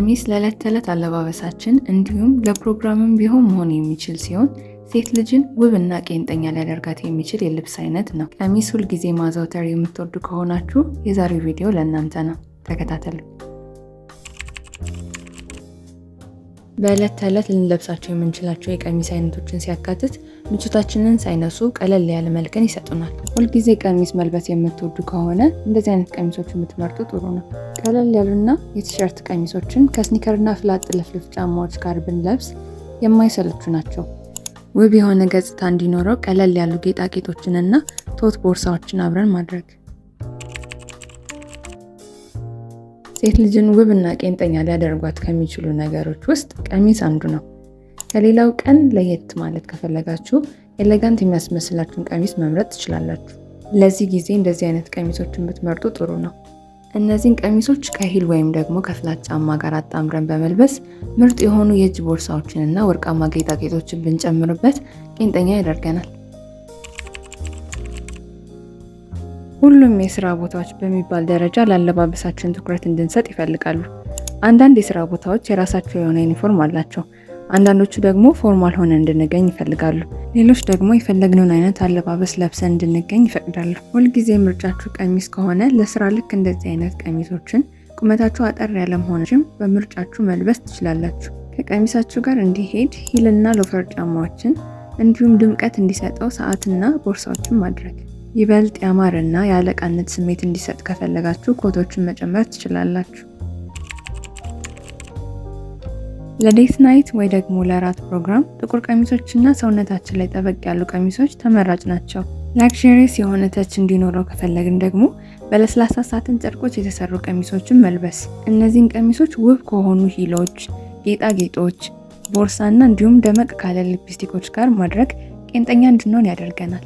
ቀሚስ ለዕለት ተዕለት አለባበሳችን እንዲሁም ለፕሮግራምም ቢሆን መሆን የሚችል ሲሆን ሴት ልጅን ውብና ቄንጠኛ ሊያደርጋት የሚችል የልብስ አይነት ነው። ቀሚስ ሁልጊዜ ማዘውተር የምትወዱ ከሆናችሁ የዛሬው ቪዲዮ ለእናንተ ነው። ተከታተሉ። በዕለት ተዕለት ልንለብሳቸው የምንችላቸው የቀሚስ አይነቶችን ሲያካትት ምቾታችንን ሳይነሱ ቀለል ያለ መልክን ይሰጡናል። ሁልጊዜ ቀሚስ መልበስ የምትወዱ ከሆነ እንደዚህ አይነት ቀሚሶች የምትመርጡ ጥሩ ነው። ቀለል ያሉና የቲሸርት ቀሚሶችን ከስኒከርና ፍላት ጥልፍልፍ ጫማዎች ጋር ብንለብስ የማይሰለቹ ናቸው። ውብ የሆነ ገጽታ እንዲኖረው ቀለል ያሉ ጌጣጌጦችንና ቶት ቦርሳዎችን አብረን ማድረግ ሴት ልጅን ውብና ቄንጠኛ ሊያደርጓት ከሚችሉ ነገሮች ውስጥ ቀሚስ አንዱ ነው። ከሌላው ቀን ለየት ማለት ከፈለጋችሁ ኤሌጋንት የሚያስመስላችሁን ቀሚስ መምረጥ ትችላላችሁ። ለዚህ ጊዜ እንደዚህ አይነት ቀሚሶችን ብትመርጡ ጥሩ ነው። እነዚህን ቀሚሶች ከሂል ወይም ደግሞ ከፍላት ጫማ ጋር አጣምረን በመልበስ ምርጥ የሆኑ የእጅ ቦርሳዎችንና ወርቃማ ጌጣጌጦችን ብንጨምርበት ቄንጠኛ ያደርገናል። ሁሉም የስራ ቦታዎች በሚባል ደረጃ ለአለባበሳችን ትኩረት እንድንሰጥ ይፈልጋሉ። አንዳንድ የስራ ቦታዎች የራሳቸው የሆነ ዩኒፎርም አላቸው። አንዳንዶቹ ደግሞ ፎርማል ሆነ እንድንገኝ ይፈልጋሉ። ሌሎች ደግሞ የፈለግነውን አይነት አለባበስ ለብሰን እንድንገኝ ይፈቅዳሉ። ሁልጊዜ ምርጫችሁ ቀሚስ ከሆነ ለስራ ልክ እንደዚህ አይነት ቀሚሶችን ቁመታችሁ አጠር ያለም በምርጫችሁ መልበስ ትችላላችሁ። ከቀሚሳችሁ ጋር እንዲሄድ ሂልና ሎፈር ጫማዎችን እንዲሁም ድምቀት እንዲሰጠው ሰዓትና ቦርሳዎችን ማድረግ ይበልጥ ያማረና የአለቃነት ስሜት እንዲሰጥ ከፈለጋችሁ ኮቶችን መጨመር ትችላላችሁ። ለዴት ናይት ወይ ደግሞ ለራት ፕሮግራም ጥቁር ቀሚሶችና ሰውነታችን ላይ ጠበቅ ያሉ ቀሚሶች ተመራጭ ናቸው። ላክሪስ የሆነ ተች እንዲኖረው ከፈለግን ደግሞ በለስላሳ ሳትን ጨርቆች የተሰሩ ቀሚሶችን መልበስ። እነዚህን ቀሚሶች ውብ ከሆኑ ሂሎች፣ ጌጣጌጦች፣ ቦርሳና እንዲሁም ደመቅ ካለ ሊፕስቲኮች ጋር ማድረግ ቄንጠኛ እንድንሆን ያደርገናል።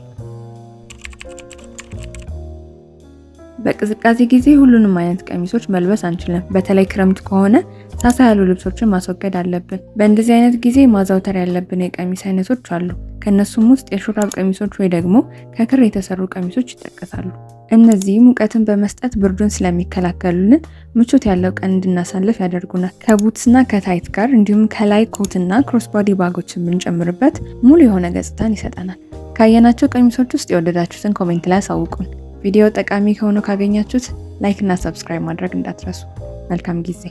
በቅዝቃዜ ጊዜ ሁሉንም አይነት ቀሚሶች መልበስ አንችልም። በተለይ ክረምት ከሆነ ሳሳ ያሉ ልብሶችን ማስወገድ አለብን። በእንደዚህ አይነት ጊዜ ማዘውተር ያለብን የቀሚስ አይነቶች አሉ። ከእነሱም ውስጥ የሹራብ ቀሚሶች ወይ ደግሞ ከክር የተሰሩ ቀሚሶች ይጠቀሳሉ። እነዚህ ሙቀትን በመስጠት ብርዱን ስለሚከላከሉልን ምቾት ያለው ቀን እንድናሳልፍ ያደርጉናል። ከቡትስና ከታይት ጋር እንዲሁም ከላይ ኮትና ክሮስቦዲ ባጎችን ብንጨምርበት ሙሉ የሆነ ገጽታን ይሰጠናል። ካየናቸው ቀሚሶች ውስጥ የወደዳችሁትን ኮሜንት ላይ አሳውቁን። ቪዲዮ ጠቃሚ ከሆነ ካገኛችሁት ላይክ እና ሰብስክራይብ ማድረግ እንዳትረሱ። መልካም ጊዜ